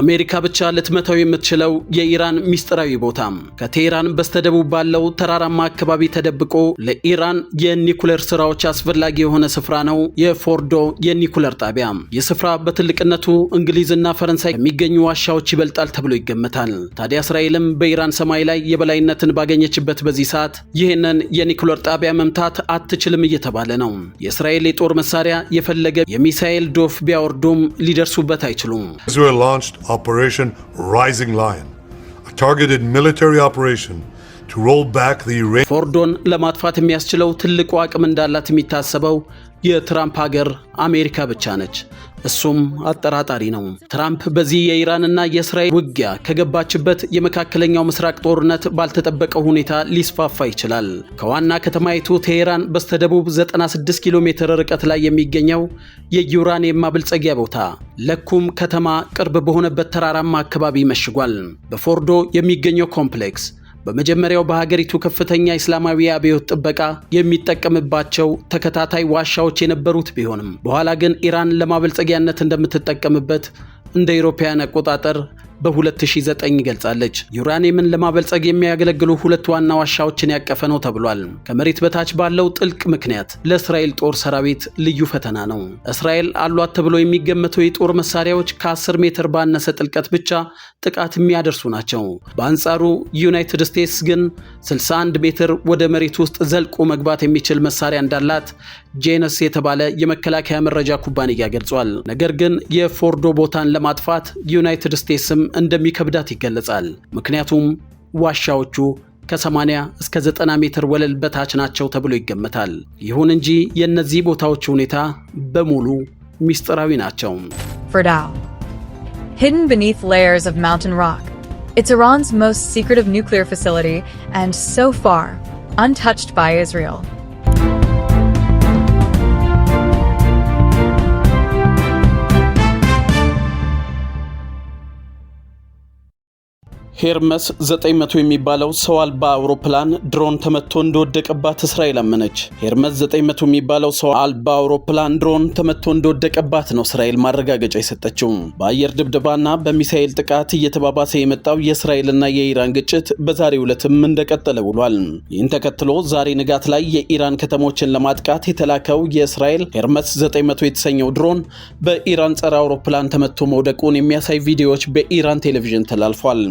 አሜሪካ ብቻ ልትመታው የምትችለው የኢራን ሚስጥራዊ ቦታ ከቴህራን በስተደቡብ ባለው ተራራማ አካባቢ ተደብቆ ለኢራን የኒኩለር ስራዎች አስፈላጊ የሆነ ስፍራ ነው የፎርዶ የኒኩለር ጣቢያ። ይህ ስፍራ በትልቅነቱ እንግሊዝና ፈረንሳይ ከሚገኙ ዋሻዎች ይበልጣል ተብሎ ይገመታል። ታዲያ እስራኤልም በኢራን ሰማይ ላይ የበላይነትን ባገኘችበት በዚህ ሰዓት ይህንን የኒኩለር ጣቢያ መምታት አትችልም እየተባለ ነው። የእስራኤል የጦር መሳሪያ የፈለገ የሚሳኤል ዶፍ ቢያወርዱም ሊደርሱበት አይችሉም። Operation Rising Lion, a targeted military operation to roll back the Iran ፎርዶን ለማጥፋት የሚያስችለው ትልቁ አቅም እንዳላት የሚታሰበው የትራምፕ ሀገር አሜሪካ ብቻ ነች። እሱም አጠራጣሪ ነው። ትራምፕ በዚህ የኢራንና የእስራኤል ውጊያ ከገባችበት የመካከለኛው ምስራቅ ጦርነት ባልተጠበቀ ሁኔታ ሊስፋፋ ይችላል። ከዋና ከተማይቱ ቴሄራን በስተደቡብ 96 ኪሎ ሜትር ርቀት ላይ የሚገኘው የዩራኒየም ማብልጸጊያ ቦታ ለኩም ከተማ ቅርብ በሆነበት ተራራማ አካባቢ መሽጓል። በፎርዶ የሚገኘው ኮምፕሌክስ በመጀመሪያው በሀገሪቱ ከፍተኛ እስላማዊ አብዮት ጥበቃ የሚጠቀምባቸው ተከታታይ ዋሻዎች የነበሩት ቢሆንም በኋላ ግን ኢራን ለማበልጸጊያነት እንደምትጠቀምበት እንደ ኢሮፓውያን አቆጣጠር በ2009 ይገልጻለች። ዩራኒየምን ለማበልጸግ የሚያገለግሉ ሁለት ዋና ዋሻዎችን ያቀፈ ነው ተብሏል። ከመሬት በታች ባለው ጥልቅ ምክንያት ለእስራኤል ጦር ሰራዊት ልዩ ፈተና ነው። እስራኤል አሏት ተብሎ የሚገመተው የጦር መሳሪያዎች ከ10 ሜትር ባነሰ ጥልቀት ብቻ ጥቃት የሚያደርሱ ናቸው። በአንጻሩ ዩናይትድ ስቴትስ ግን 61 ሜትር ወደ መሬት ውስጥ ዘልቆ መግባት የሚችል መሳሪያ እንዳላት ጄነስ የተባለ የመከላከያ መረጃ ኩባንያ ገልጿል። ነገር ግን የፎርዶ ቦታን ለማጥፋት ዩናይትድ ስቴትስም እንደሚከብዳት ይገለጻል። ምክንያቱም ዋሻዎቹ ከ80 እስከ 90 ሜትር ወለል በታች ናቸው ተብሎ ይገመታል። ይሁን እንጂ የእነዚህ ቦታዎች ሁኔታ በሙሉ ሚስጥራዊ ናቸው። ፍርዳው hidden beneath layers of mountain rock It's Iran's most secretive nuclear facility and so far untouched by Israel. ሄርመስ 900 የሚባለው ሰው አልባ አውሮፕላን ድሮን ተመቶ እንደወደቀባት እስራኤል አመነች። ሄርመስ 900 የሚባለው ሰው አልባ አውሮፕላን ድሮን ተመቶ እንደወደቀባት ነው እስራኤል ማረጋገጫ የሰጠችው። በአየር ድብደባና በሚሳኤል ጥቃት እየተባባሰ የመጣው የእስራኤልና የኢራን ግጭት በዛሬው ዕለትም እንደቀጠለ ውሏል። ይህን ተከትሎ ዛሬ ንጋት ላይ የኢራን ከተሞችን ለማጥቃት የተላከው የእስራኤል ሄርመስ 900 የተሰኘው ድሮን በኢራን ጸረ አውሮፕላን ተመቶ መውደቁን የሚያሳይ ቪዲዮዎች በኢራን ቴሌቪዥን ተላልፏል።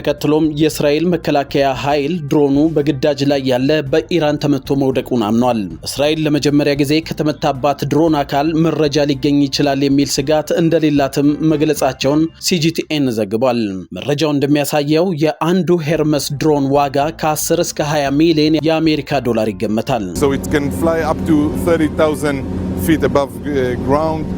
ተከትሎም የእስራኤል መከላከያ ኃይል ድሮኑ በግዳጅ ላይ ያለ በኢራን ተመቶ መውደቁን አምኗል። እስራኤል ለመጀመሪያ ጊዜ ከተመታባት ድሮን አካል መረጃ ሊገኝ ይችላል የሚል ስጋት እንደሌላትም መግለጻቸውን ሲጂቲኤን ዘግቧል። መረጃው እንደሚያሳየው የአንዱ ሄርመስ ድሮን ዋጋ ከ10 እስከ 20 ሚሊዮን የአሜሪካ ዶላር ይገመታል። ፊት አባቭ ግራውንድ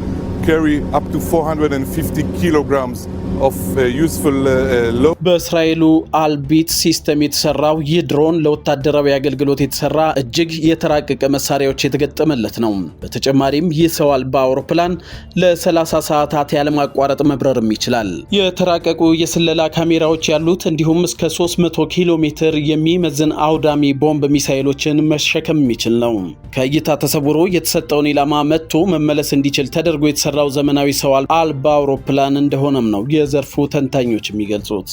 ካሪ አፕ ቱ 450 ኪሎግራምስ Uh, uh, uh, በእስራኤሉ አልቢት ሲስተም የተሰራው ይህ ድሮን ለወታደራዊ አገልግሎት የተሰራ እጅግ የተራቀቀ መሳሪያዎች የተገጠመለት ነው። በተጨማሪም ይህ ሰው አልባ አውሮፕላን ለ30 ሰዓታት ያለማቋረጥ መብረርም ይችላል። የተራቀቁ የስለላ ካሜራዎች ያሉት እንዲሁም እስከ 300 ኪሎ ሜትር የሚመዝን አውዳሚ ቦምብ ሚሳይሎችን መሸከም የሚችል ነው። ከእይታ ተሰውሮ የተሰጠውን ኢላማ መጥቶ መመለስ እንዲችል ተደርጎ የተሰራው ዘመናዊ ሰው አልባ አውሮፕላን እንደሆነም ነው የዘርፉ ተንታኞች የሚገልጹት።